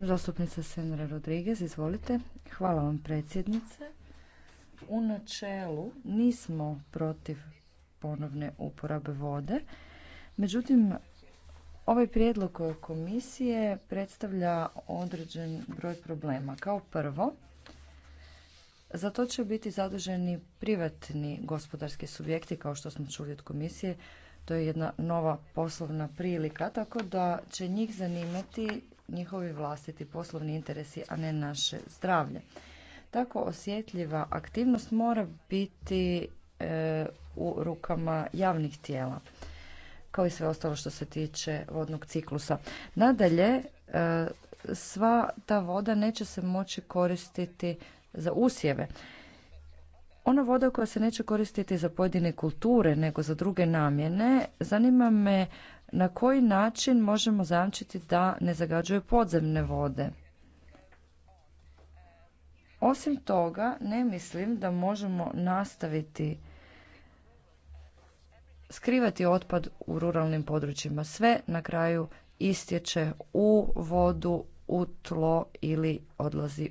Zastupnica Senra Rodriguez, izvolite. Hvala vam predsjednice. U načelu nismo protiv ponovne uporabe vode. Međutim, ovaj prijedlog komisije predstavlja određen broj problema. Kao prvo, za to će biti zaduženi privatni gospodarski subjekti, kao što smo čuli od komisije. To je jedna nova poslovna prilika, tako da će njih zanimati njihovi vlastiti poslovni interesi, a ne naše zdravlje. Tako osjetljiva aktivnost mora biti e, u rukama javnih tijela, kao i sve ostalo što se tiče vodnog ciklusa. Nadalje, e, sva ta voda neće se moći koristiti za usjeve. Ona voda koja se neće koristiti za pojedine kulture, nego za druge namjene, zanima me na koji način možemo zamčiti da ne zagađuje podzemne vode. Osim toga, ne mislim da možemo nastaviti skrivati otpad u ruralnim područjima. Sve na kraju istječe u vodu, u tlo ili odlazi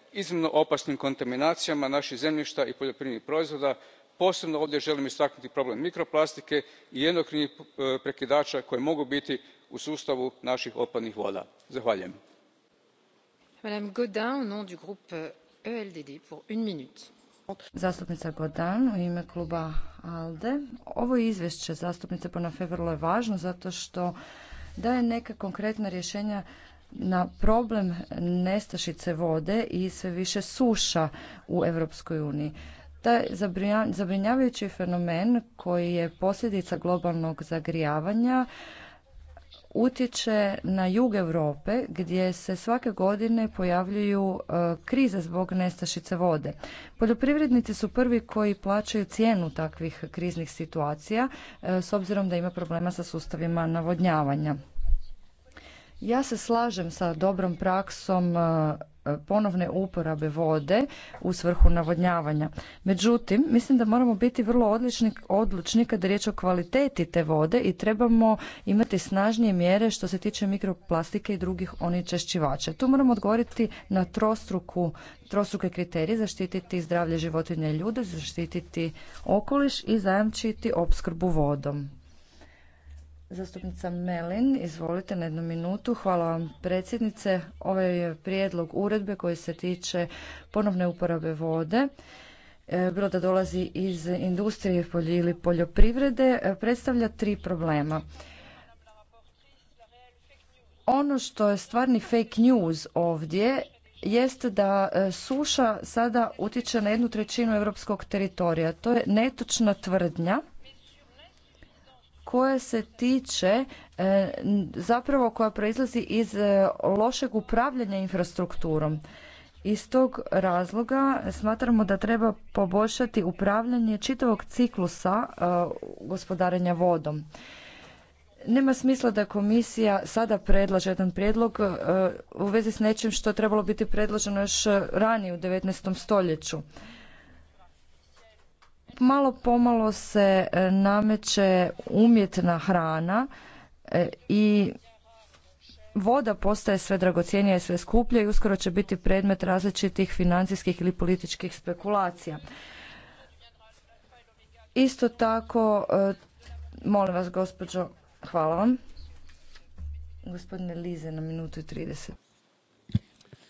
iznimno opasnim kontaminacijama naših zemljišta i poljoprivrednih proizvoda posebno ovdje želim istaknuti problem mikroplastike i endokrinih e, prekidača koji mogu biti u sustavu naših otpadnih voda. zahvaljujem. Zastupnica Godin u ime kluba ALDE. Ovo izvješće zastupnice Pona vrlo je važno zato što daje neka konkretna rješenja na problem nestašice vode i sve više suša u Europskoj uniji. Taj zabrinjavajući fenomen koji je posljedica globalnog zagrijavanja utječe na jug Europe gdje se svake godine pojavljuju e, krize zbog nestašice vode. Poljoprivrednici su prvi koji plaćaju cijenu takvih kriznih situacija e, s obzirom da ima problema sa sustavima navodnjavanja. Ja se slažem sa dobrom praksom e, ponovne uporabe vode u svrhu navodnjavanja. Međutim, mislim da moramo biti vrlo odlični, odlučni kada je riječ o kvaliteti te vode i trebamo imati snažnije mjere što se tiče mikroplastike i drugih onečišćivača. Tu moramo odgovoriti na trostruku, trostruke kriterije, zaštititi zdravlje životinja i ljude, zaštititi okoliš i zajamčiti opskrbu vodom. Zastupnica Melin, izvolite na jednu minutu. Hvala vam predsjednice. Ovaj prijedlog uredbe koji se tiče ponovne uporabe vode e, bilo da dolazi iz industrije ili poljoprivrede, e, predstavlja tri problema. Ono što je stvarni fake news ovdje jest da e, suša sada utječe na jednu trećinu europskog teritorija. To je netočna tvrdnja koja se tiče e, zapravo koja proizlazi iz e, lošeg upravljanja infrastrukturom. Iz tog razloga smatramo da treba poboljšati upravljanje čitavog ciklusa e, gospodarenja vodom. Nema smisla da komisija sada predlaže jedan prijedlog u vezi s nečim što je trebalo biti predloženo još ranije u 19. stoljeću malo pomalo se e, nameće umjetna hrana e, i voda postaje sve dragocjenija i sve skuplja i uskoro će biti predmet različitih financijskih ili političkih spekulacija. Isto tako, e, molim vas gospođo, hvala vam. Gospodine Lize na minutu i 30.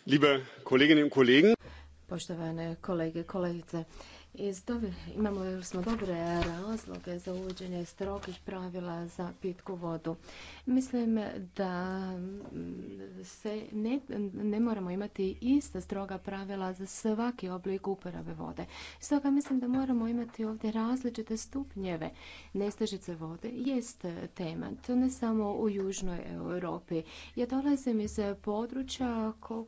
Liebe Poštovane kolege i kolegice, iz imamo smo dobre razloge za uvođenje strogih pravila za pitku vodu. Mislim da mm, se ne, ne moramo imati ista stroga pravila za svaki oblik uporabe vode. Stoga mislim da moramo imati ovdje različite stupnjeve. Nestažice vode jest tema. To ne samo u Južnoj Europi. Ja dolazim iz područja koje,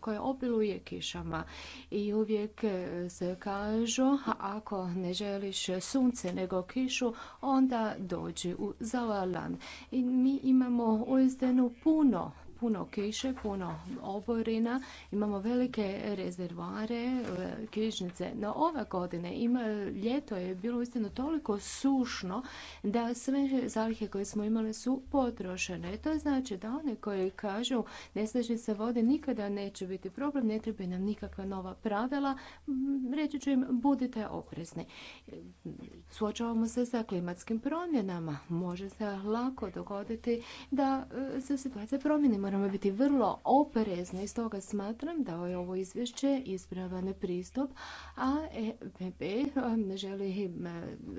koje obiluje kišama i uvijek se kaže kažu, ako ne želiš sunce nego kišu, onda dođi u Zavalan. I mi imamo uistinu puno puno kiše, puno oborina, imamo velike rezervoare, e, kišnice. No ove godine ima, ljeto je bilo istino toliko sušno da sve zalihe koje smo imali su potrošene. To znači da one koji kažu se vode nikada neće biti problem, ne treba nam nikakva nova pravila, reći ću im budite oprezni. Suočavamo se sa klimatskim promjenama. Može se lako dogoditi da e, se situacija promjenima moramo biti vrlo oprezni, stoga smatram da je ovo izvješće ispravan pristup, a ne um, želi um,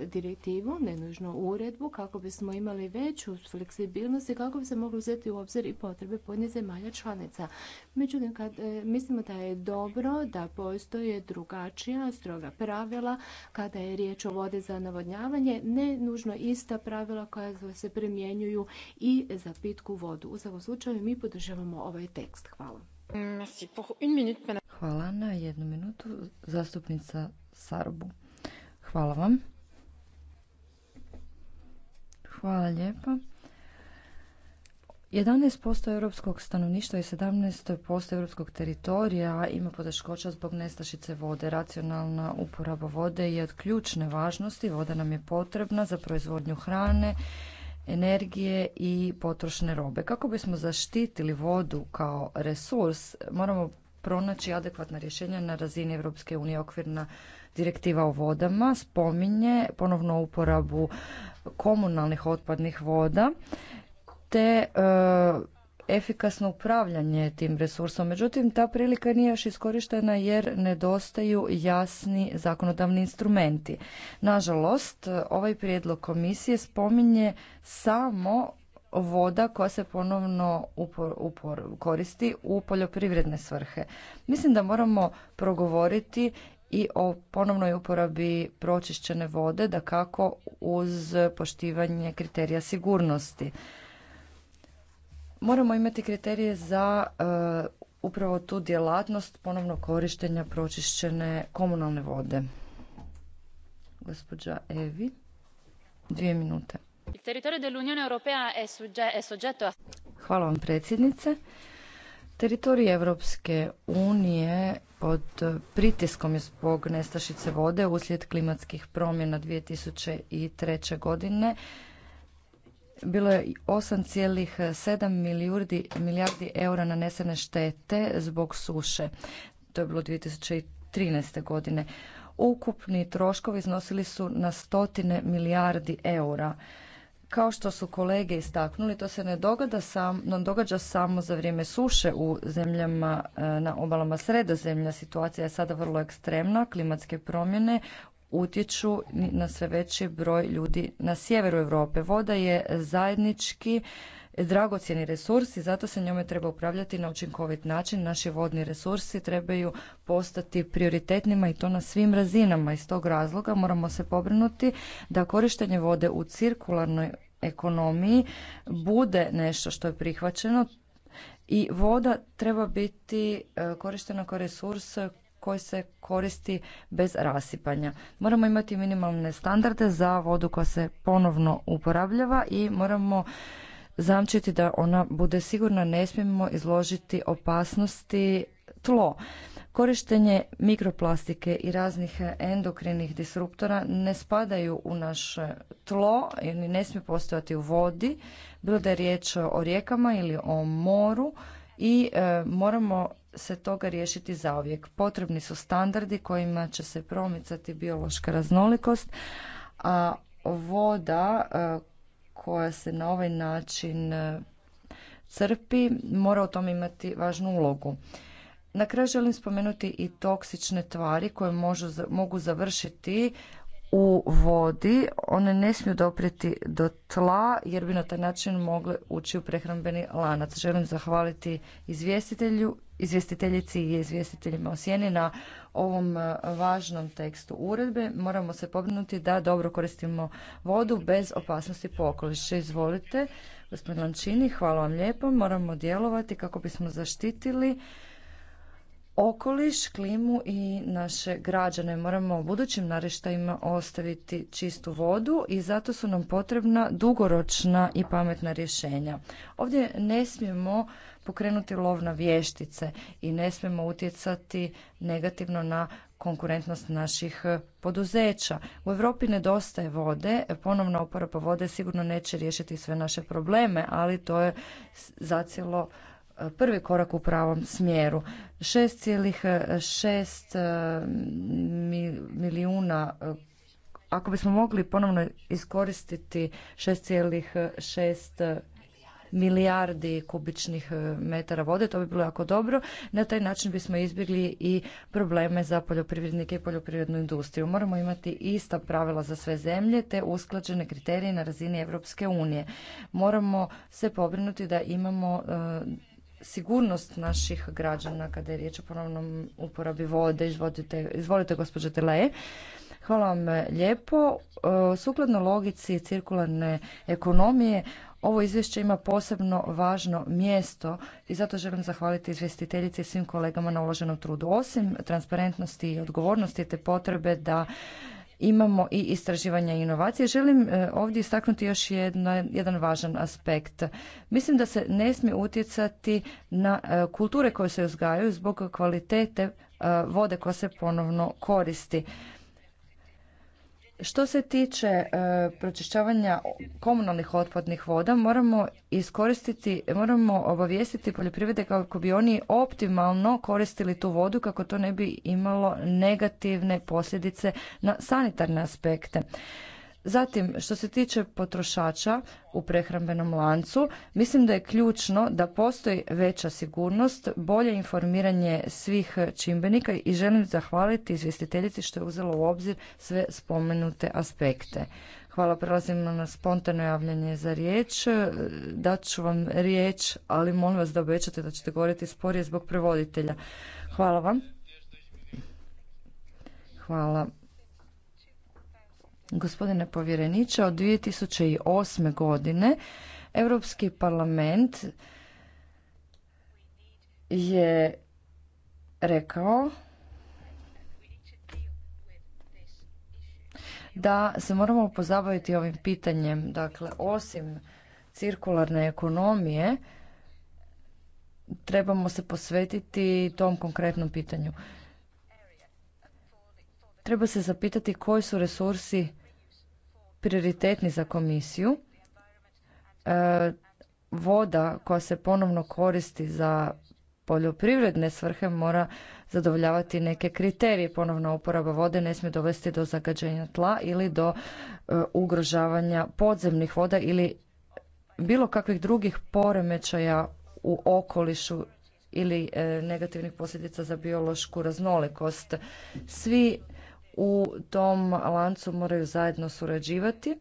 direktivu, ne uredbu, kako bismo imali veću fleksibilnost i kako bi se mogli uzeti u obzir i potrebe podnje zemalja članica. Međutim, kad e, mislimo da je dobro da postoje drugačija, stroga pravila kada je riječ o vode za navodnjavanje, ne nužno ista pravila koja se primjenjuju i za pitku vodu. U svakom slučaju mi podržavamo ovaj tekst. Hvala. Hvala na jednu minutu. Zastupnica Sarbu. Hvala vam. Hvala lijepa. 11% europskog stanovništva i 17% europskog teritorija ima poteškoća zbog nestašice vode. Racionalna uporaba vode je od ključne važnosti. Voda nam je potrebna za proizvodnju hrane, energije i potrošne robe. Kako bismo zaštitili vodu kao resurs, moramo pronaći adekvatna rješenja na razini Europske unije. Okvirna direktiva o vodama spominje ponovno uporabu komunalnih otpadnih voda te e, efikasno upravljanje tim resursom. Međutim, ta prilika nije još iskorištena jer nedostaju jasni zakonodavni instrumenti. Nažalost, ovaj prijedlog komisije spominje samo voda koja se ponovno koristi u poljoprivredne svrhe. Mislim da moramo progovoriti i o ponovnoj uporabi pročišćene vode, da kako uz poštivanje kriterija sigurnosti moramo imati kriterije za e, upravo tu djelatnost ponovno korištenja pročišćene komunalne vode. Gospođa Evi, dvije minute. Hvala vam predsjednice. Teritorij Evropske unije pod pritiskom je zbog nestašice vode uslijed klimatskih promjena 2003. godine bilo je 8,7 milijardi, eura nanesene štete zbog suše. To je bilo 2013. godine. Ukupni troškovi iznosili su na stotine milijardi eura. Kao što su kolege istaknuli, to se ne događa, sam, ne događa samo za vrijeme suše u zemljama e, na obalama sredozemlja. Situacija je sada vrlo ekstremna, klimatske promjene utječu na sve veći broj ljudi na sjeveru Europe. Voda je zajednički dragocjeni resurs i zato se njome treba upravljati na učinkovit način. Naši vodni resursi trebaju postati prioritetnima i to na svim razinama. Iz tog razloga moramo se pobrinuti da korištenje vode u cirkularnoj ekonomiji bude nešto što je prihvaćeno i voda treba biti e, korištena kao resurs koji se koristi bez rasipanja. Moramo imati minimalne standarde za vodu koja se ponovno uporabljava i moramo zamčiti da ona bude sigurna, ne smijemo izložiti opasnosti tlo. Korištenje mikroplastike i raznih endokrinih disruptora ne spadaju u naš tlo, i ne smije postojati u vodi, bilo da je riječ o rijekama ili o moru i e, moramo se toga riješiti zauvijek. Potrebni su standardi kojima će se promicati biološka raznolikost, a voda e, koja se na ovaj način e, crpi mora u tome imati važnu ulogu. Na kraju želim spomenuti i toksične tvari koje mogu završiti u vodi, one ne smiju doprijeti do tla jer bi na taj način mogle ući u prehrambeni lanac. Želim zahvaliti izvjestitelju, izvjestiteljici i izvjestiteljima sjeni na ovom e, važnom tekstu uredbe. Moramo se pobrinuti da dobro koristimo vodu bez opasnosti po okolišće. Izvolite, gospodin Lančini, hvala vam lijepo. Moramo djelovati kako bismo zaštitili okoliš, klimu i naše građane. Moramo budućim narištajima ostaviti čistu vodu i zato su nam potrebna dugoročna i pametna rješenja. Ovdje ne smijemo pokrenuti lov na vještice i ne smijemo utjecati negativno na konkurentnost naših poduzeća. U Europi nedostaje vode, ponovna oporaba vode sigurno neće riješiti sve naše probleme, ali to je zacijelo prvi korak u pravom smjeru. 6,6 e, milijuna e, ako bismo mogli ponovno iskoristiti 6,6 e, milijardi kubičnih metara vode, to bi bilo jako dobro. Na taj način bismo izbjegli i probleme za poljoprivrednike i poljoprivrednu industriju. Moramo imati ista pravila za sve zemlje te usklađene kriterije na razini Europske unije. Moramo se pobrinuti da imamo sigurnost naših građana kada je riječ o ponovnom uporabi vode. Izvolite, izvolite gospođo Teleje. Hvala vam lijepo. E, sukladno logici cirkularne ekonomije, ovo izvješće ima posebno važno mjesto i zato želim zahvaliti izvjestiteljici i svim kolegama na uloženom trudu. Osim transparentnosti i odgovornosti te potrebe da imamo i istraživanja i inovacije. Želim e, ovdje istaknuti još jedan važan aspekt. Mislim da se ne smije utjecati na e, kulture koje se uzgajaju zbog kvalitete e, vode koja se ponovno koristi. Što se tiče e, pročišćavanja komunalnih otpadnih voda, moramo iskoristiti, moramo obavijestiti poljoprivrede kako bi oni optimalno koristili tu vodu kako to ne bi imalo negativne posljedice na sanitarne aspekte. Zatim, što se tiče potrošača u prehrambenom lancu, mislim da je ključno da postoji veća sigurnost, bolje informiranje svih čimbenika i želim zahvaliti izvjestiteljici što je uzelo u obzir sve spomenute aspekte. Hvala, prelazimo na spontano javljanje za riječ. Daću vam riječ, ali molim vas da obećate da ćete govoriti sporije zbog prevoditelja. Hvala vam. Hvala Gospodine povjereniče, od 2008. godine Europski parlament je rekao da se moramo pozabaviti ovim pitanjem. Dakle, osim cirkularne ekonomije, trebamo se posvetiti tom konkretnom pitanju. Treba se zapitati koji su resursi prioritetni za komisiju. E, voda koja se ponovno koristi za poljoprivredne svrhe mora zadovoljavati neke kriterije. Ponovna uporaba vode ne smije dovesti do zagađenja tla ili do e, ugrožavanja podzemnih voda ili bilo kakvih drugih poremećaja u okolišu ili e, negativnih posljedica za biološku raznolikost. Svi u tom lancu moraju zajedno surađivati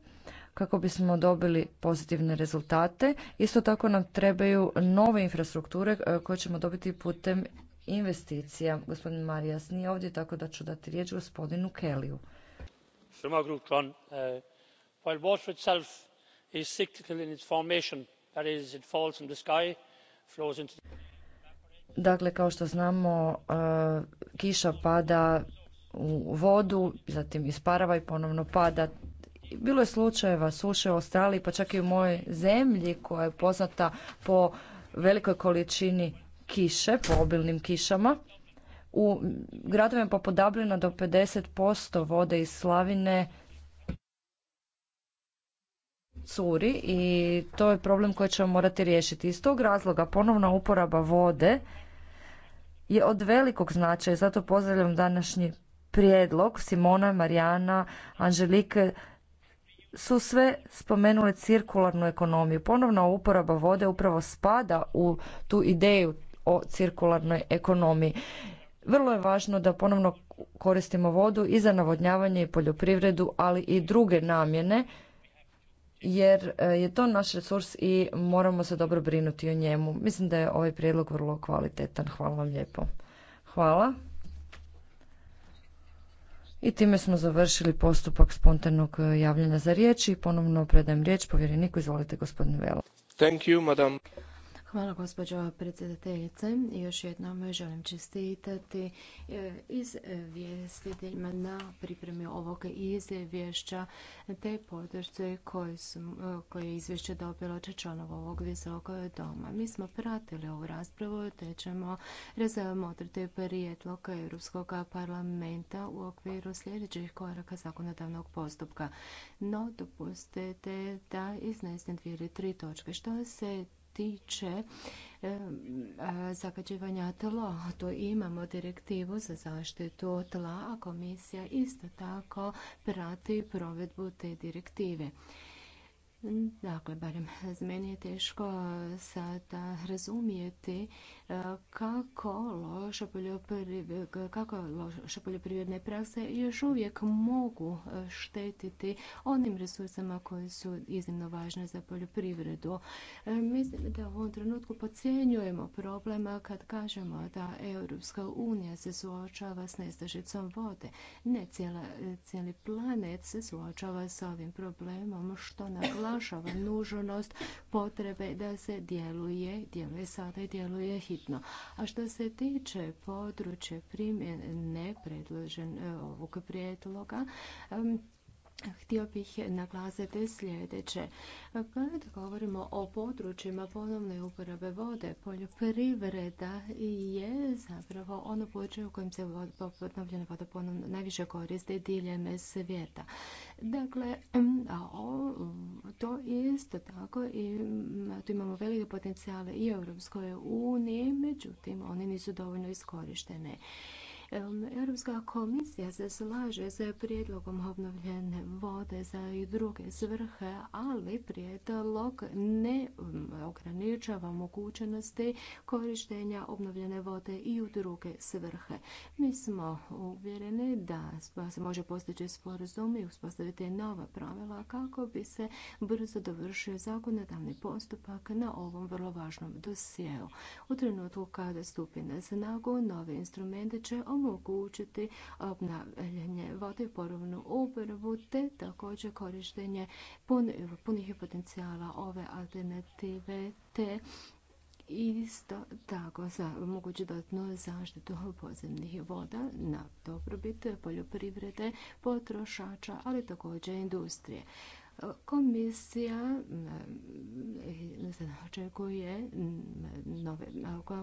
kako bismo dobili pozitivne rezultate. Isto tako nam trebaju nove infrastrukture e, koje ćemo dobiti putem investicija. Gospodin Marijas nije ovdje, tako da ću dati riječ gospodinu Keliju. While Dakle, kao što znamo, e, kiša pada u vodu, zatim isparava i ponovno pada. Bilo je slučajeva suše u Australiji, pa čak i u mojoj zemlji koja je poznata po velikoj količini kiše, po obilnim kišama. U gradovima poput Dublina do 50% vode iz slavine curi i to je problem koji ćemo morati riješiti. Iz tog razloga ponovna uporaba vode je od velikog značaja, zato pozdravljam današnji prijedlog Simona, Marijana, Anželike su sve spomenule cirkularnu ekonomiju. Ponovna uporaba vode upravo spada u tu ideju o cirkularnoj ekonomiji. Vrlo je važno da ponovno koristimo vodu i za navodnjavanje i poljoprivredu, ali i druge namjene, jer e, je to naš resurs i moramo se dobro brinuti o njemu. Mislim da je ovaj prijedlog vrlo kvalitetan. Hvala vam lijepo. Hvala. I time smo završili postupak spontanog e, javljanja za riječ i ponovno predajem riječ povjereniku. Izvolite, gospodin Velo. Hvala gospođo predsjedateljice. Još jednom želim čestitati e, izvjestiteljima na pripremi ovog izvješća te podršce e, koje, je izvješće dobilo od članova ovog visokog doma. Mi smo pratili ovu raspravu te ćemo razmotriti prijedlog Europskog parlamenta u okviru sljedećih koraka zakonodavnog postupka. No, dopustite da iznesem dvije ili tri točke. Što se tiče zagađivanja tla. to imamo direktivu za zaštitu tla, a komisija isto tako prati provedbu te direktive. Dakle, barem meni je teško sada razumijeti e, kako loša kako loše poljoprivredne prakse još uvijek mogu e, štetiti onim resursama koji su iznimno važne za poljoprivredu. E, mislim da u ovom trenutku podcjenjujemo problema kad kažemo da Europska unija se suočava s nestašicom vode. Ne cijeli planet se suočava s ovim problemom što glavu naglašava nužnost potrebe da se djeluje, djeluje sada i djeluje hitno. A što se tiče područja primjene predložen eh, ovog prijedloga, Htio bih naglasiti sljedeće. Kada govorimo o područjima ponovne uporabe vode, poljoprivreda je zapravo ono područje u kojem se obnovljena voda ponovno najviše koriste diljem svijeta. Dakle, to isto tako i tu imamo velike potencijale i Europskoj uniji, međutim one nisu dovoljno iskorištene. Europska komisija se slaže s prijedlogom obnovljene vode za i druge svrhe, ali prijedlog ne ograničava mogućnosti korištenja obnovljene vode i u druge svrhe. Mi smo uvjereni da se može postići sporazum i uspostaviti nova pravila kako bi se brzo dovršio zakonodavni postupak na ovom vrlo važnom dosjeu. U trenutku kada stupi na snagu, nove instrumente će omogućiti obnavljanje vode i porovnu uporabu te također korištenje punih potencijala ove alternative te isto tako za moguću dodatnu zaštitu podzemnih voda na dobrobit poljoprivrede, potrošača, ali također industrije. Komisija se očekuje nove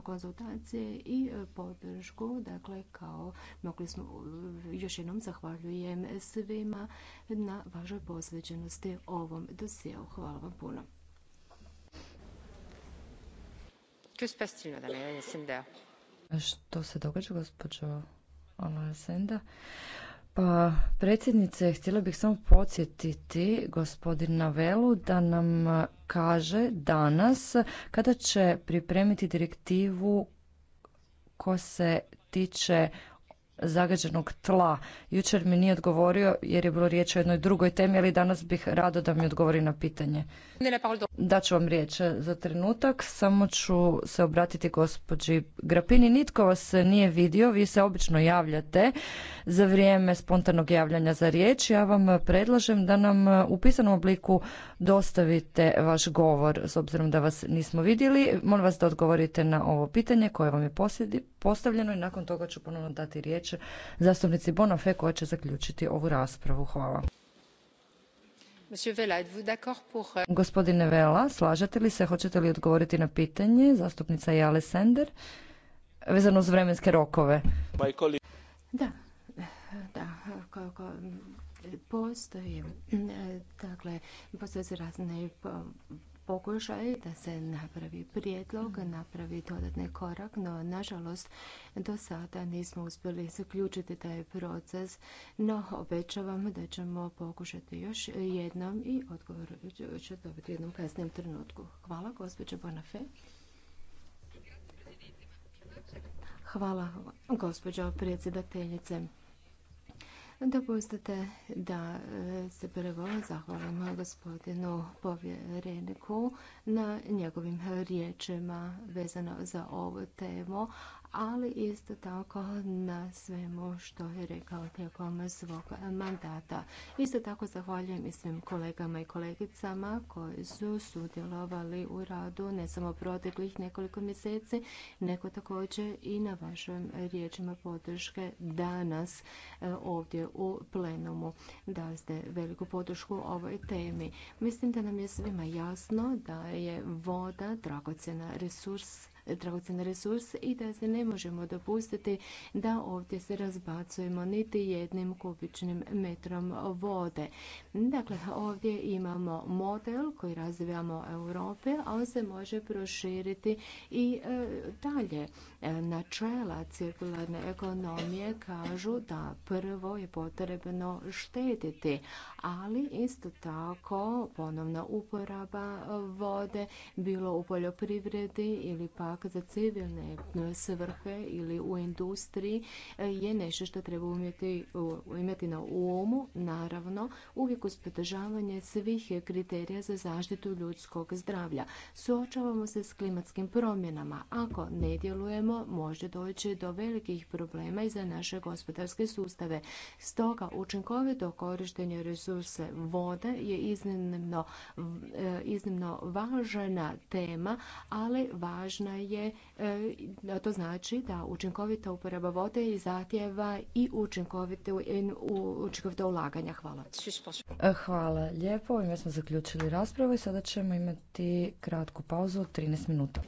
konzultacije i podršku. Dakle, kao mogli smo, još jednom zahvaljujem svima na vašoj posvećenosti ovom dosijelu. Hvala vam puno. Što se događa, gospođo ona Senda? Pa, predsjednice, htjela bih samo podsjetiti gospodina Velu da nam kaže danas kada će pripremiti direktivu koja se tiče zagađenog tla. Jučer mi nije odgovorio jer je bilo riječ o jednoj drugoj temi, ali danas bih rado da mi odgovori na pitanje. Daću vam riječ za trenutak, samo ću se obratiti gospođi Grapini. Nitko vas nije vidio, vi se obično javljate za vrijeme spontanog javljanja za riječ. Ja vam predlažem da nam u pisanom obliku dostavite vaš govor s obzirom da vas nismo vidjeli. Molim vas da odgovorite na ovo pitanje koje vam je postavljeno i nakon toga ću ponovno dati riječ zastupnici Bonafe koja će zaključiti ovu raspravu. Hvala. Euh, Gospodine Vela, slažete li se, hoćete li odgovoriti na pitanje zastupnica Jale Sender vezano uz vremenske rokove? Da, da, Postoji dakle, postoje se razne pokušaj da se napravi prijedlog, mhm. napravi dodatni korak, no nažalost do sada nismo uspjeli zaključiti taj proces, no obećavam da ćemo pokušati još jednom i odgovor ću dobiti jednom kasnijem trenutku. Hvala, gospođo Bonafe. Hvala, gospođo predsjedateljice. Dopustite da e, se prvo zahvalim gospodinu povjereniku na njegovim riječima vezano za ovu temu, ali isto tako na svemu što je rekao tijekom svog mandata. Isto tako zahvaljujem i svim kolegama i kolegicama koji su sudjelovali u radu ne samo proteklih nekoliko mjeseci, nego također i na vašim riječima podrške danas e, ovdje u plenumu. Da ste veliku podršku ovoj temi. Mislim da nam je svima jasno da je voda dragocjena resurs dragocen resurs i da se ne možemo dopustiti da ovdje se razbacujemo niti jednim kubičnim metrom vode. Dakle, ovdje imamo model koji razvijamo Europe, a on se može proširiti i e, dalje. E, načela cirkularne ekonomije kažu da prvo je potrebno štediti, ali isto tako ponovna uporaba vode, bilo u poljoprivredi ili pak za civilne svrhe ili u industriji e, je nešto što treba umjeti, imati na umu, naravno uvijek uz podržavanje svih kriterija za zaštitu ljudskog zdravlja. Suočavamo se s klimatskim promjenama. Ako ne djelujemo, može doći do velikih problema i za naše gospodarske sustave. Stoga učinkovito korištenje resursa resurse vode je iznimno, e, iznimno važna tema, ali važna je, e, to znači da učinkovita uporaba vode i zahtjeva i učinkovito, ulaganja. Hvala. E, hvala lijepo. Ovime smo zaključili raspravu i sada ćemo imati kratku pauzu od 13 minuta.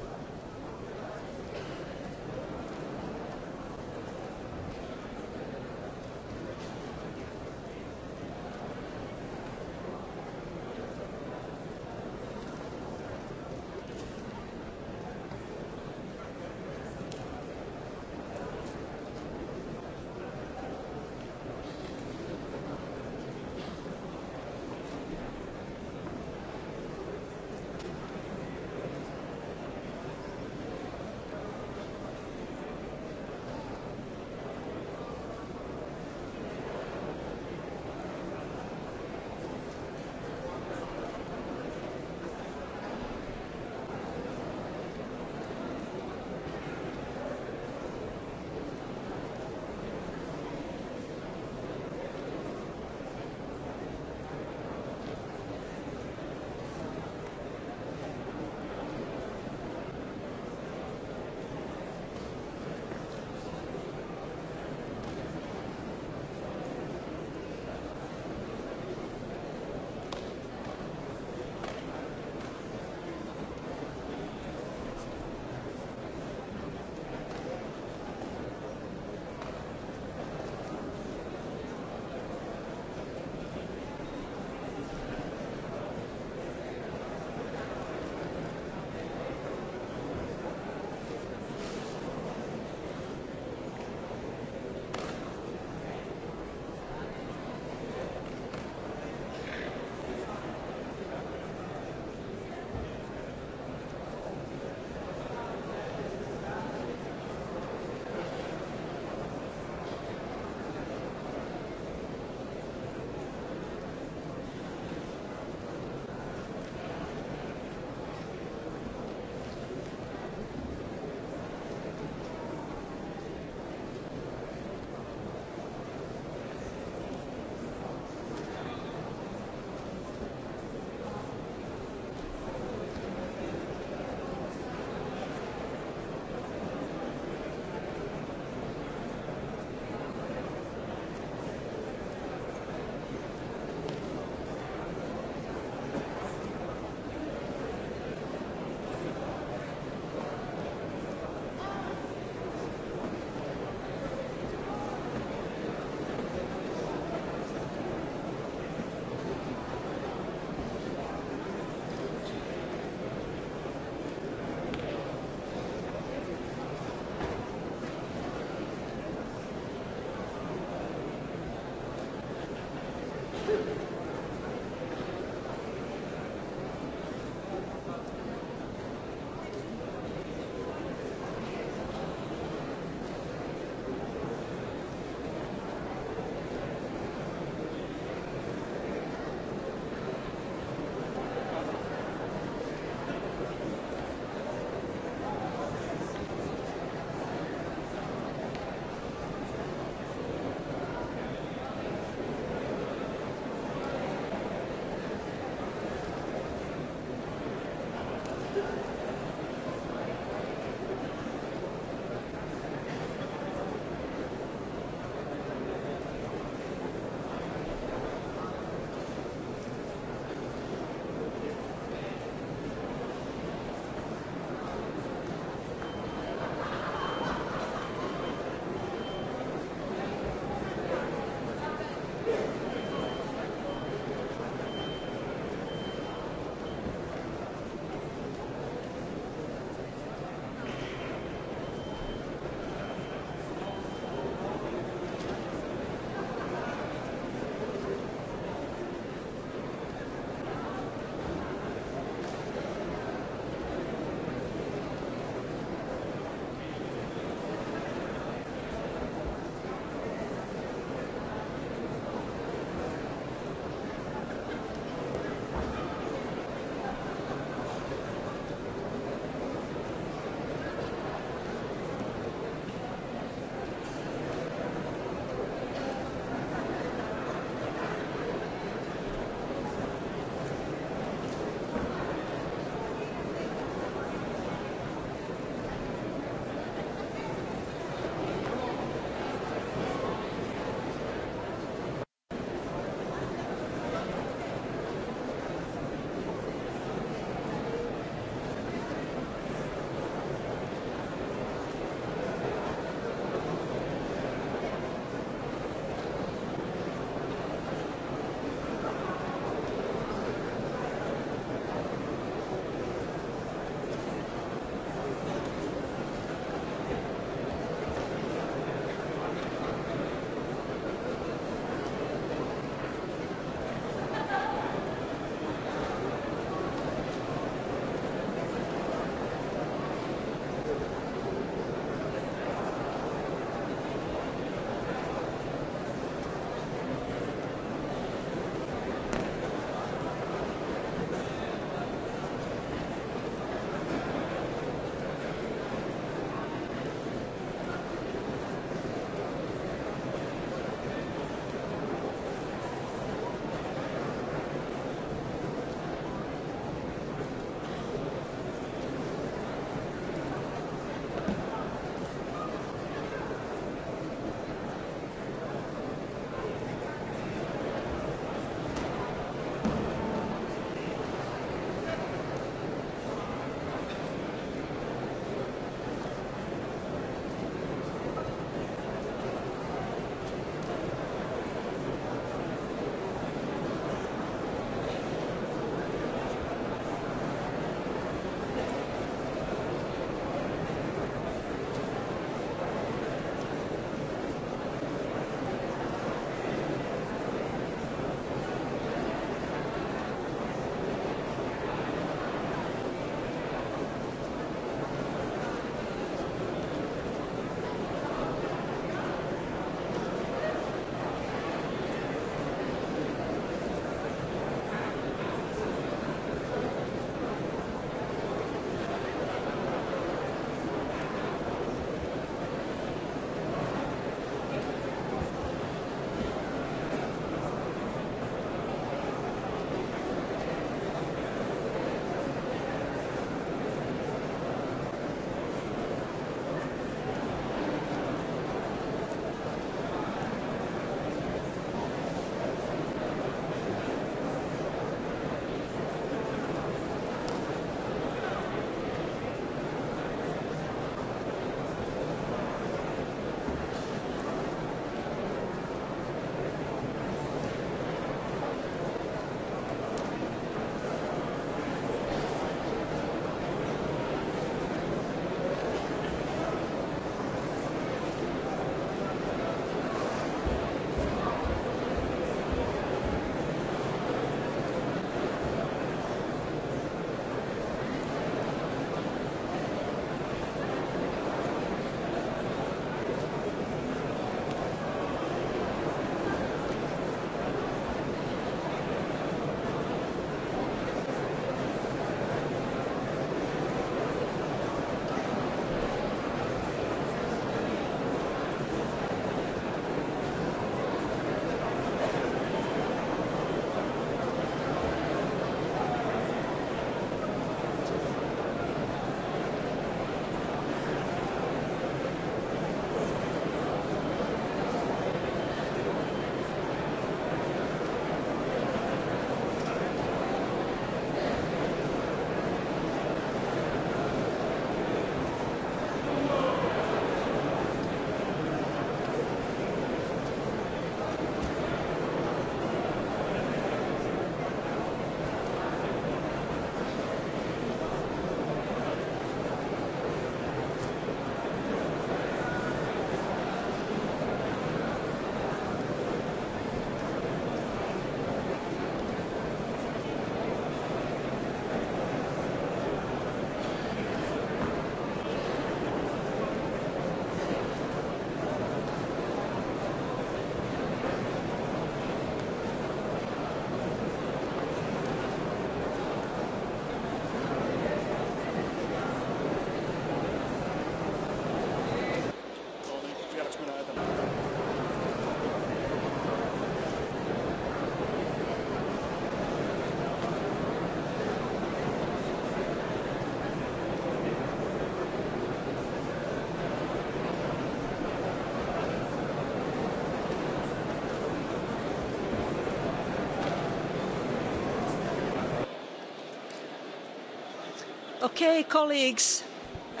Uh,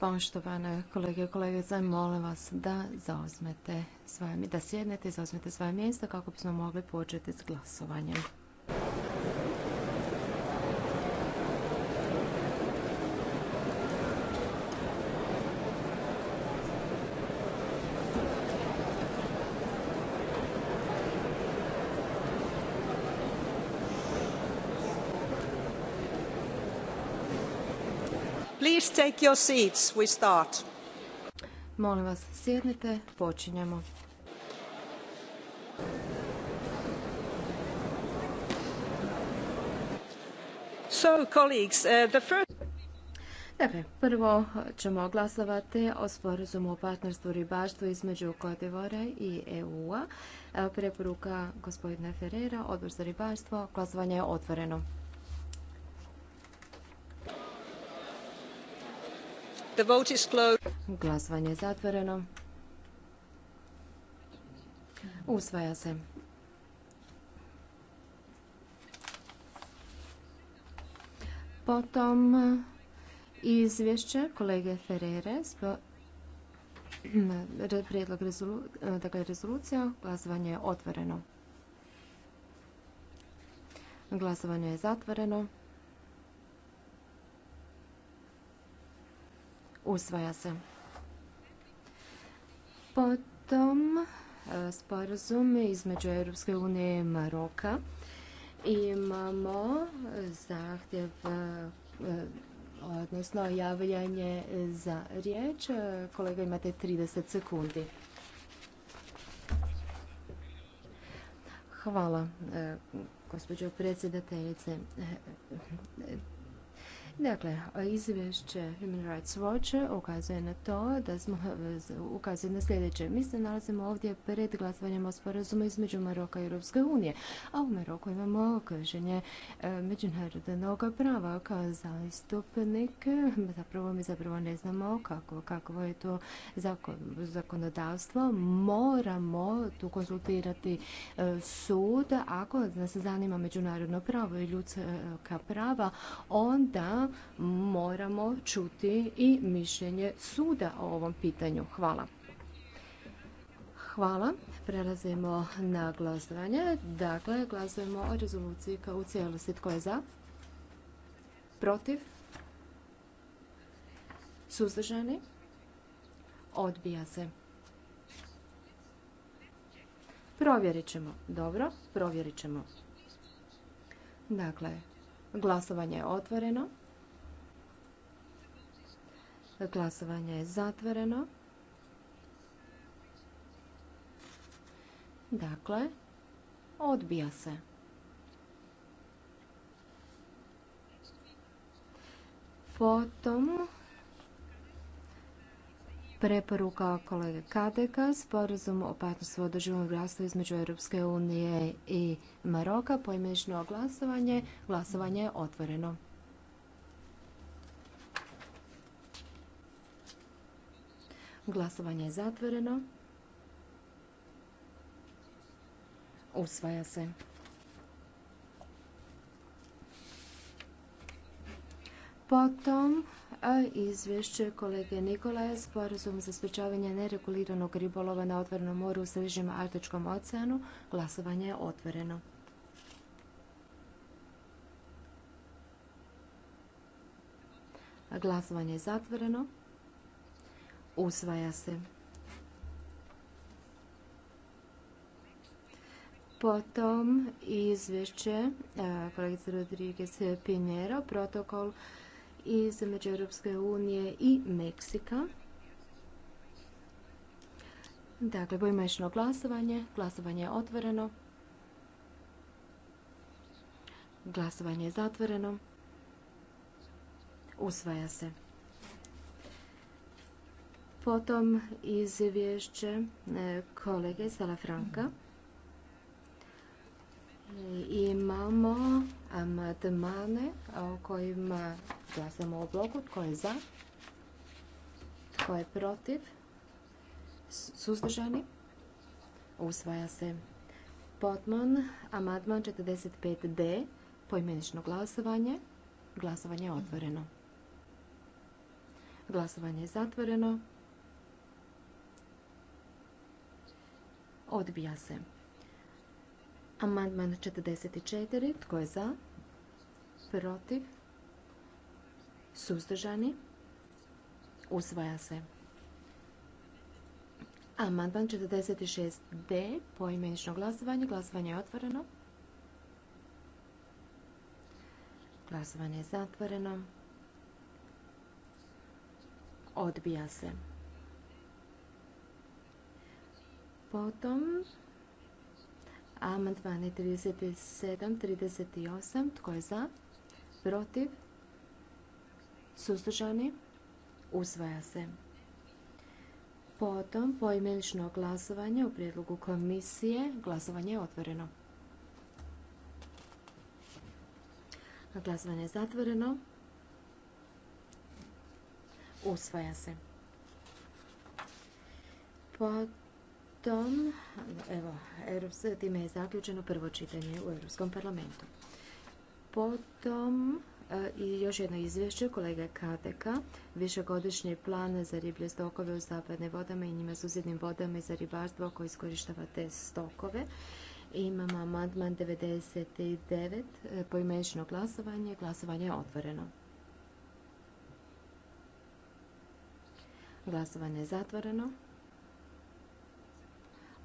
Poštovane kolege i kolege, zamolim vas da zauzmete svoje, da sjednete i zauzmete svoje mjesta kako bismo mogli početi s glasovanjem. take Molim vas, sjednite, počinjemo. Uh, dakle, prvo ćemo glasovati o sporazumu o partnerstvu ribarstvu između Kodivore i EU-a. Preporuka gospodina Ferreira, odbor za ribarstvo, glasovanje je otvoreno. The Glasovanje je zatvoreno. Usvaja se. Potom e, izvješće kolege Ferere. prijedlog e, dakle, rezolucija, glasovanje je otvoreno. Glasovanje je zatvoreno. Usvaja se. Potom e, sporazum između Europske unije i Maroka. Imamo zahtjev e, odnosno javljanje za riječ. Kolega, imate 30 sekundi. Hvala, e, gospođo predsjedateljice. Dakle, izvješće Human Rights Watch ukazuje na to da smo ukazuje na sljedeće. Mi se nalazimo ovdje pred glasovanjem o sporazumu između Maroka i Europske unije, a u Maroku imamo kršenje e, međunarodnog prava kao zastupnik. Zapravo mi zapravo ne znamo kako, kakvo je to zakon, zakonodavstvo. Moramo tu konzultirati e, sud. Ako nas zanima međunarodno pravo i ljudska prava, onda moramo čuti i mišljenje suda o ovom pitanju. Hvala. Hvala. Prelazimo na glasovanje. Dakle, glasujemo o rezoluciji kao u cijelosti. Tko je za? Protiv? Suzdržani? Odbija se. Provjerit ćemo. Dobro, provjerit ćemo. Dakle, glasovanje je otvoreno. Glasovanje je zatvoreno. Dakle, odbija se. Potom preporuka kolege Kadeka, sporazum o partnerstvu održivom rastu između Europske unije i Maroka, poimenično glasovanje, glasovanje je otvoreno. Glasovanje je zatvoreno. Usvaja se. Potom izvješće kolege Nikolaja, sporazum za sprečavanje nereguliranog ribolova na otvorenom moru u Središnjem Artičkom oceanu. Glasovanje je otvoreno. Glasovanje je zatvoreno. Usvaja se. Potom izvješće e, kolegice Rodriguez Pinero, protokol iz Europske unije i Meksika. Dakle, poimenično glasovanje. Glasovanje je otvoreno. Glasovanje je zatvoreno. Usvaja se. Potom izvješće e, kolege Salafranka. E, imamo amandmane o kojima glasamo u blogu. Tko je za? Tko je protiv? Suzdržani? Usvaja se. Potman, amadman 45D, poimenično glasovanje. Glasovanje je otvoreno. Glasovanje je zatvoreno. Odbija se. Amandman 44. Tko je za? Protiv? Suzdržani? Usvaja se. Amandman 46D. Poimenično glasovanje. Glasovanje je otvoreno. Glasovanje je zatvoreno. Odbija se. Potom amandmane 37, 38. Tko je za? Protiv? Suzdržani? Usvaja se. Potom poimenično glasovanje u prijedlogu komisije. Glasovanje je otvoreno. Glasovanje je zatvoreno. Usvaja se. Potom tom, evo, time je zaključeno prvo čitanje u Europskom parlamentu. Potom e, i još jedno izvješće kolega kateka višegodišnji plan za riblje stokove u zapadne vodama i njima susjednim vodama i za ribarstvo koje iskorištava te stokove. Imamo amandman 99, e, poimenično glasovanje, glasovanje je otvoreno. Glasovanje je zatvoreno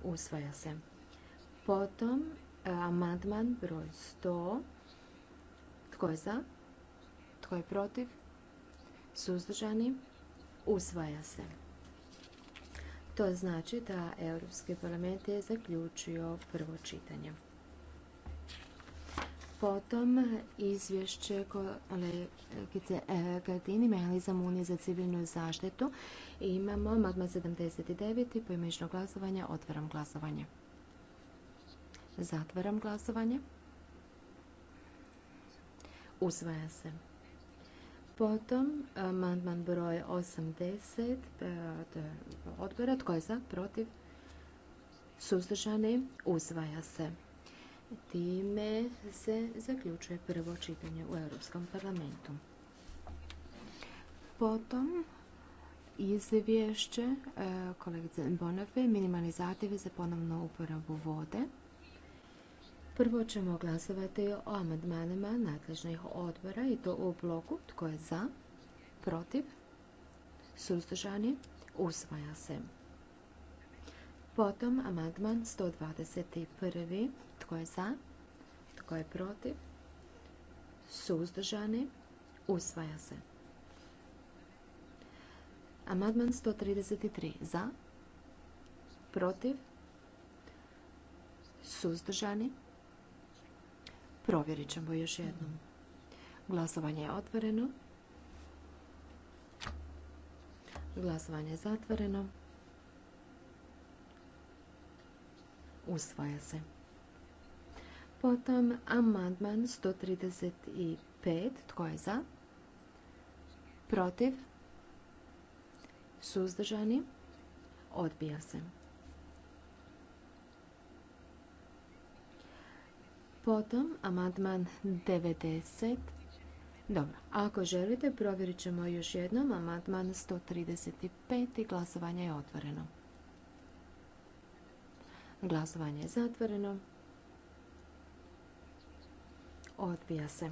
usvaja se. Potom e, amandman broj 100. Tko je za? Tko je protiv? Suzdržani? Usvaja se. To znači da Europski parlament je zaključio prvo čitanje. Potom izvješće kolegice e, Gardini, mehanizam Unije za civilnu zaštitu. Imamo amandman 79. poimenično glasovanje. Otvaram glasovanje. Zatvaram glasovanje. Usvaja se. Potom amandman broj 80 e, odbora. Tko je za? Protiv? Suzdržani? uzvaja se. Time se zaključuje prvo čitanje u Europskom parlamentu. Potom izvješće e, kolegice Bonafe, minimalni zahtjevi za ponovnu uporabu vode. Prvo ćemo glasovati o amandmanima nadležnih odbora i to u bloku tko je za, protiv, suzdržani, usvaja se. Potom amandman 121. Tko je za? Tko je protiv? Suzdržani? Usvaja se. Amandman 133. Za? Protiv? Suzdržani? Provjerit ćemo još jednom. Glasovanje je otvoreno. Glasovanje je zatvoreno. usvaja se. Potom amandman 135. Tko je za? Protiv? Suzdržani? Odbija se. Potom amandman 90. Dobro, ako želite provjerit ćemo još jednom amandman 135. Glasovanje je otvoreno. Glasovanje je zatvoreno. Odbija se.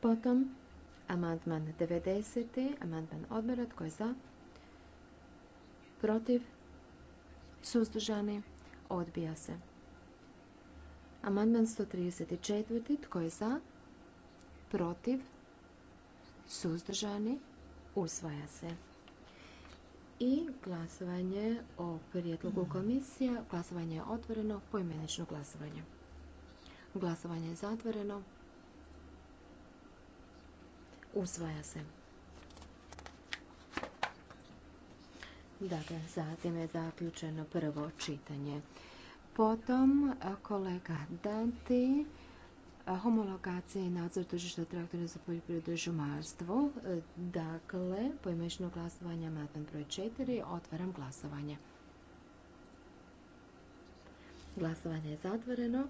Potom, amandman 90. Amandman odbora. Tko je za? Protiv? Suzdržani? Odbija se. Amandman 134. Tko je za? Protiv? Suzdržani? Usvaja se i glasovanje o prijedlogu komisije. Glasovanje je otvoreno, poimenično glasovanje. Glasovanje je zatvoreno. Usvaja se. Dakle, zatim je zaključeno prvo čitanje. Potom kolega Danti homologacija i nadzor tržišta traktora za poljoprivredu i šumarstvo. E, dakle, poimenično glasovanje amandman broj 4. Otvaram glasovanje. Glasovanje je zatvoreno.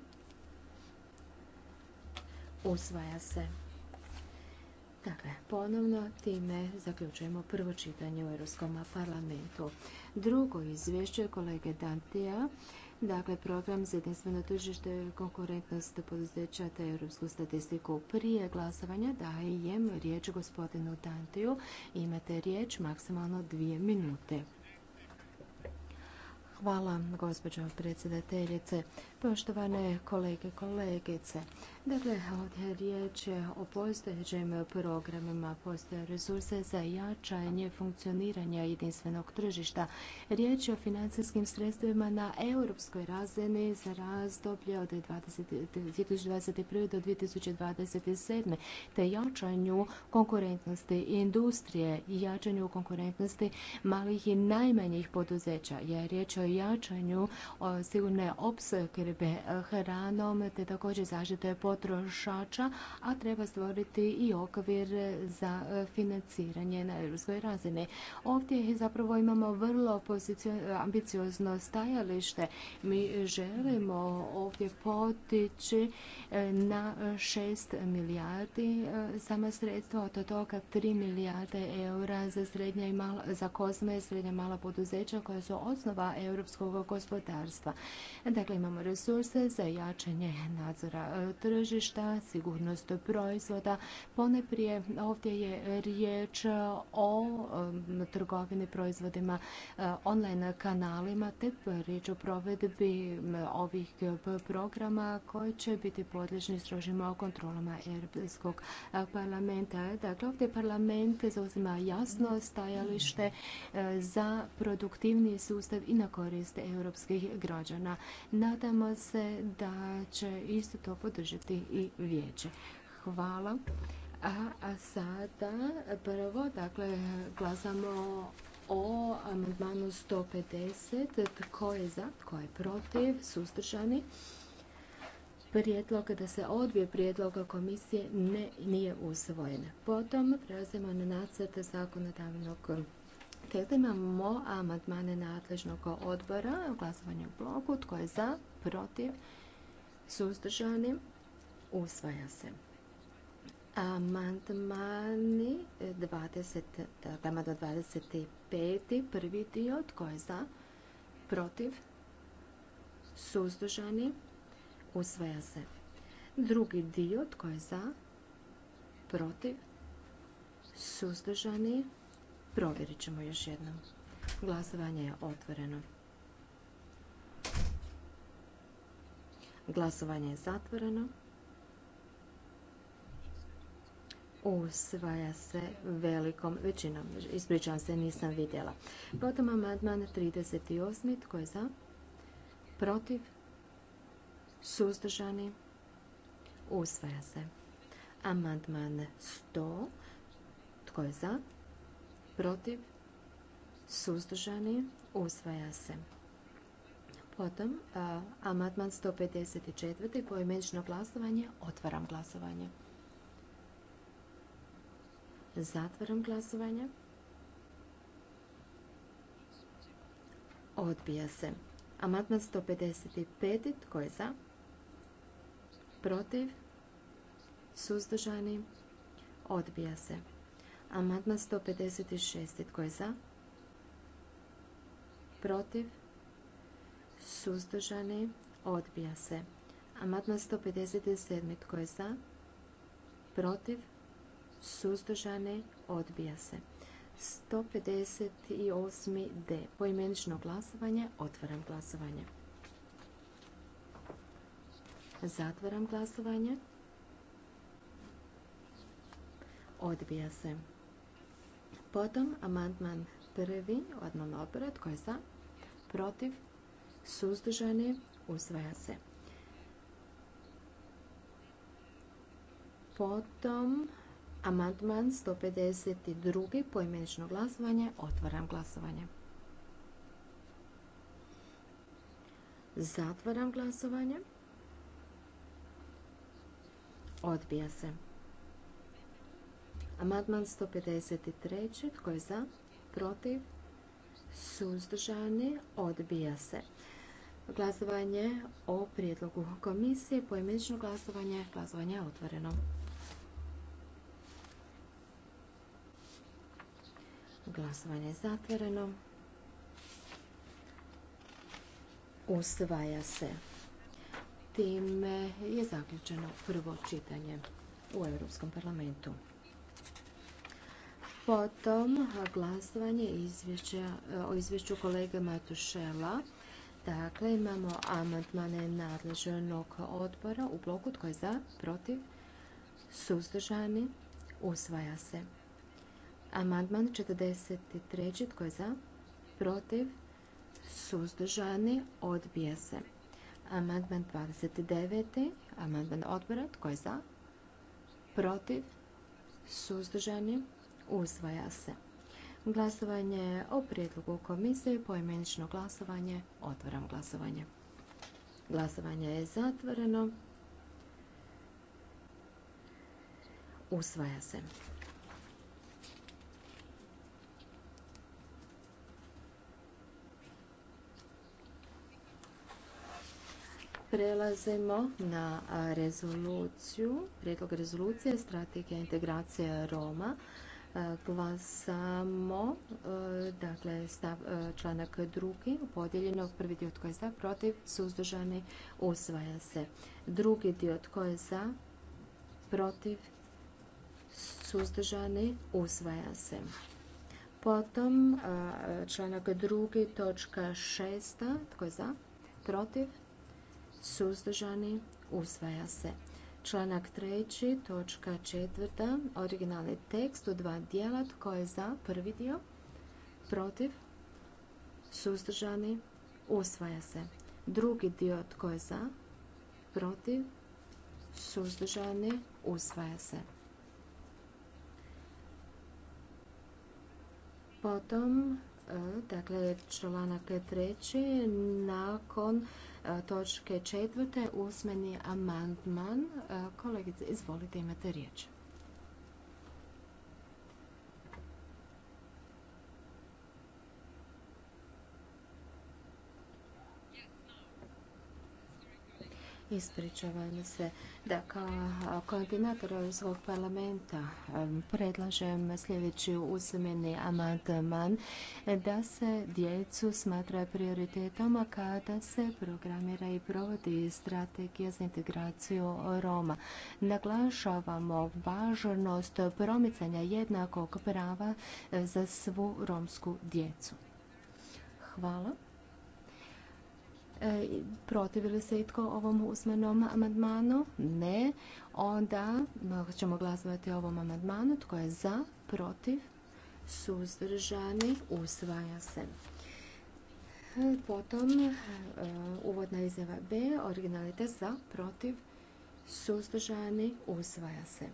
Usvaja se. Dakle, ponovno time zaključujemo prvo čitanje u Europskom parlamentu. Drugo izvješće kolege Dantija Dakle, program za jedinstveno tržište konkurentnost poduzeća te europsku statistiku. Prije glasovanja dajem riječ gospodinu Tantiju. Imate riječ maksimalno dvije minute. Hvala, gospođo predsjedateljice. Poštovane kolege i kolegice, dakle, ovdje je riječ o postojećim programima, postoje resurse za jačanje funkcioniranja jedinstvenog tržišta. Riječ je o financijskim sredstvima na europskoj razini za razdoblje od 2021. do 2027. te jačanju konkurentnosti industrije i jačanju konkurentnosti malih i najmanjih poduzeća. Je riječ o jačanju e, sigurne opskrbe e, hranom te također zaštite potrošača, a treba stvoriti i okvir za e, financiranje na europskoj razini. Ovdje zapravo imamo vrlo ambiciozno stajalište. Mi želimo ovdje potići na 6 milijardi sama sredstva, od toga 3 milijarde eura za srednja i mala, za srednja mala poduzeća koja su osnova EU europskog gospodarstva. Dakle, imamo resurse za jačanje nadzora e, tržišta, sigurnost proizvoda. Poneprije ovdje je riječ o e, trgovini proizvodima e, online kanalima te riječ o provedbi ovih programa koji će biti podležni strožim kontrolama Europskog parlamenta. Dakle, ovdje parlament zauzima jasno stajalište za produktivni sustav i na koristu korist europskih građana. Nadamo se da će isto to podržati i vijeće. Hvala. A, sada prvo, dakle, glasamo o amandmanu 150. Tko je za, tko je protiv, Sustršani? Prijedlog da se odbije prijedloga komisije ne, nije usvojen. Potom prelazimo na nacrt zakonodavnog Dakle, imamo amandmane nadležnog odbora, glasovanje u bloku, tko je za, protiv, suzdržani, usvaja se. Amandmani 20, do 25. Prvi dio, tko je za, protiv, suzdržani, usvaja se. Drugi dio, tko je za, protiv, suzdržani, Provjerit ćemo još jednom. Glasovanje je otvoreno. Glasovanje je zatvoreno. Usvaja se velikom većinom. Ispričavam se, nisam vidjela. Potom amandman 38. Tko je za? Protiv? Suzdržani? Usvaja se. Amandman 100. Tko je za? protiv, suzdržani, usvaja se. Potom, amatman 154. poimenično glasovanje, otvaram glasovanje. Zatvaram glasovanje. Odbija se. Amatman 155. Tko je za? Protiv? Suzdržani? Odbija se. Amatna, 156. Tko je za? Protiv? Suzdržani? Odbija se. Amatna, 157. Tko je za? Protiv? Suzdržani? Odbija se. 158. D. Poimenično glasovanje. Otvaram glasovanje. Zatvaram glasovanje. Odbija se. Potom amandman prvi, odmah operat tko je za, protiv, suzdržani, usvaja se. Potom amandman 152. poimenično glasovanje, otvaram glasovanje. Zatvaram glasovanje. Odbija se. Amandman 153. Tko je za? Protiv? Suzdržani? Odbija se. Glasovanje o prijedlogu komisije. Poimenično glasovanje. Glasovanje je otvoreno. Glasovanje je zatvoreno. Usvaja se. Time je zaključeno prvo čitanje u Europskom parlamentu. Potom glasovanje e, o izvješću kolege Matušela. Dakle, imamo amandmane nadležnog odbora u bloku tko je za, protiv, suzdržani, usvaja se. Amandman 43. tko je za, protiv, suzdržani, odbija se. Amandman 29. amandman odbora tko je za, protiv, suzdržani, Usvaja se. Glasovanje o prijedlogu komisije, poimenično glasovanje, otvaram glasovanje. Glasovanje je zatvoreno. Usvaja se. Prelazimo na rezoluciju, prijedlog rezolucije strategija integracije Roma. Glasamo, e, dakle, stav, e, članak drugi, podijeljeno prvi dio tko je za, protiv, suzdržani, usvaja se. Drugi dio tko je za, protiv, suzdržani, usvaja se. Potom e, članak drugi, točka šesta, tko je za, protiv, suzdržani, usvaja se. Članak 3. točka 4. Originalni tekst u dva dijela. Tko je za? Prvi dio. Protiv. Suzdržani. Usvaja se. Drugi dio. Tko je za? Protiv. Suzdržani. Usvaja se. Potom dakle članak treći nakon e, točke četvrte usmeni amandman e, kolegice izvolite imate riječ Ispričavam se da kao koordinator svog parlamenta predlažem sljedeći usmeni amandman da se djecu smatra prioritetom kada se programira i provodi strategija za integraciju Roma. Naglašavamo važnost promicanja jednakog prava e, za svu romsku djecu. Hvala. E, protivi li se itko ovom usmenom amandmanu? Ne. Onda ćemo glasovati o ovom amandmanu. Tko je za? Protiv? Suzdržani? Usvaja se. E, potom e, uvodna izjava B. Originalite za? Protiv? Suzdržani? Usvaja se.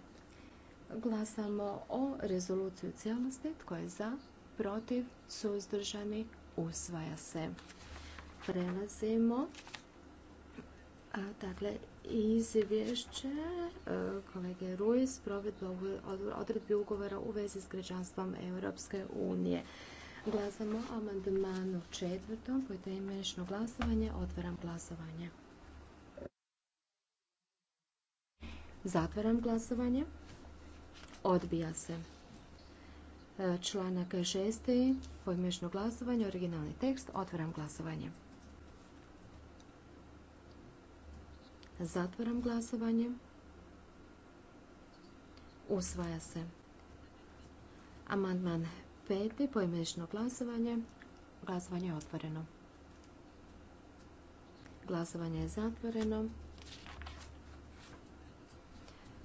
Glasamo o rezoluciju cijelosti. Tko je za? Protiv? Suzdržani? Usvaja se prelazimo dakle izvješće e, kolege Ruiz provedba odredbi ugovora u vezi s građanstvom Europske unije. Glasamo o amandmanu četvrtom, pojedinačno glasovanje, otvaram glasovanje. Zatvaram glasovanje. Odbija se. E, članak šesti, pojedinačno glasovanje, originalni tekst, otvaram glasovanje. Zatvaram glasovanje. Usvaja se. Amandman peti, poimenično glasovanje. Glasovanje je otvoreno. Glasovanje je zatvoreno.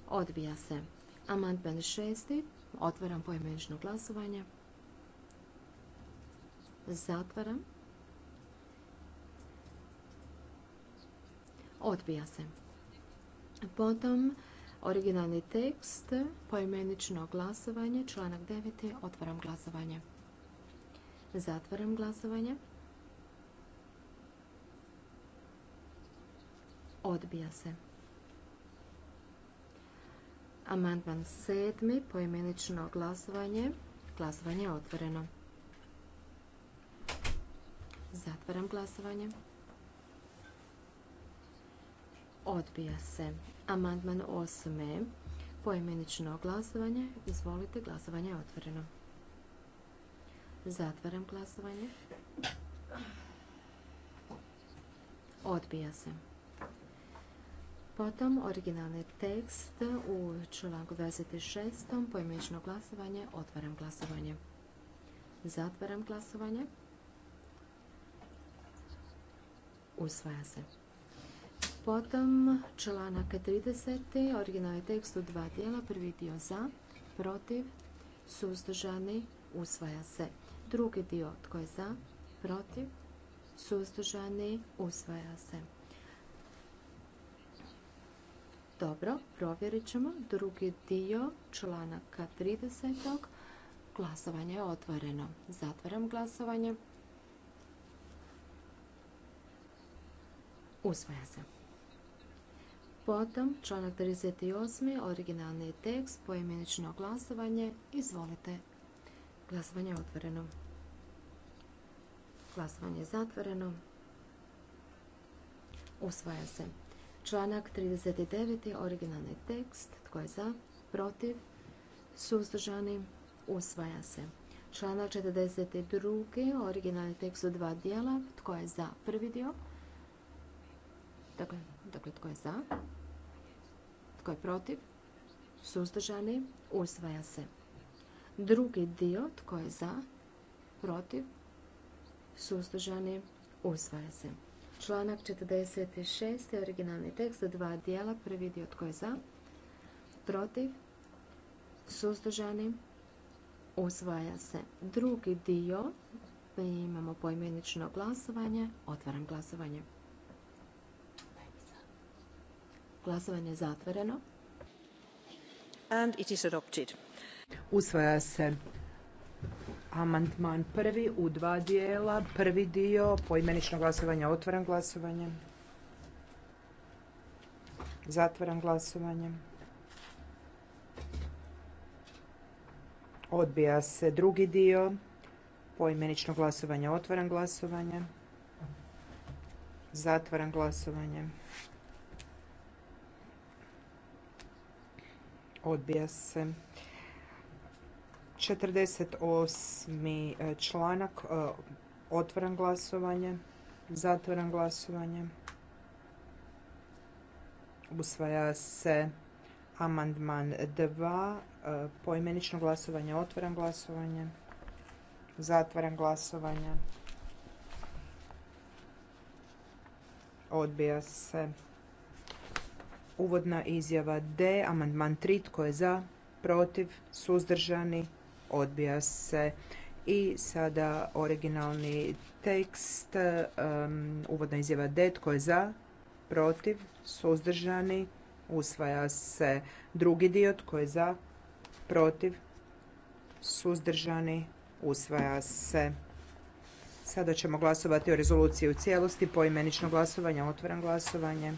Odbija se. Amandman šesti, otvaram poimenično glasovanje. Zatvaram. Odbija se. Potom originalni tekst, poimenično glasovanje, članak 9. Otvaram glasovanje. Zatvaram glasovanje. Odbija se. Amandman sedmi, poimenično glasovanje. Glasovanje je otvoreno. Zatvaram glasovanje. Odbija se. Amandman 8. Poimenično glasovanje. Izvolite, glasovanje je otvoreno. Zatvaram glasovanje. Odbija se. Potom originalni tekst u članku 26. Poimenično glasovanje. Otvaram glasovanje. Zatvaram glasovanje. Usvaja se. Potom članak 30. originalni tekst u dva dijela. Prvi dio za, protiv, suzdržani, usvaja se. Drugi dio tko je za, protiv, suzdržani, usvaja se. Dobro, provjerit ćemo drugi dio članaka 30. Glasovanje je otvoreno. Zatvaram glasovanje. Usvaja se. Potom članak 38. originalni tekst, poimenično glasovanje. Izvolite. Glasovanje je otvoreno. Glasovanje je zatvoreno. Usvaja se. Članak 39. originalni tekst. Tko je za? Protiv? Suzdržani? Usvaja se. Članak 42. originalni tekst u dva dijela. Tko je za prvi dio? Dakle, Dakle, tko je za? Tko je protiv? Suzdržani? Usvaja se. Drugi dio, tko je za? Protiv? Suzdržani? Usvaja se. Članak 46. je originalni tekst za dva dijela. Prvi dio tko je za? Protiv? Suzdržani? Usvaja se. Drugi dio imamo poimenično glasovanje. Otvaram glasovanje. Glasovanje je zatvoreno. And it is Usvaja se amandman prvi u dva dijela. Prvi dio poimenično glasovanje, otvoren glasovanje. Zatvoren glasovanje. Odbija se drugi dio. Poimenično glasovanje, otvoren glasovanje. Zatvoren glasovanje. odbija se 48. E, članak e, otvaram glasovanje zatvaram glasovanje usvaja se amandman dva. E, poimenično glasovanje otvaram glasovanje zatvaram glasovanje odbija se Uvodna izjava D, amandman 3, tko je za, protiv, suzdržani, odbija se. I sada originalni tekst, um, uvodna izjava D, tko je za, protiv, suzdržani, usvaja se. Drugi dio, tko je za, protiv, suzdržani, usvaja se. Sada ćemo glasovati o rezoluciji u cijelosti, poimenično glasovanje, otvoram glasovanje.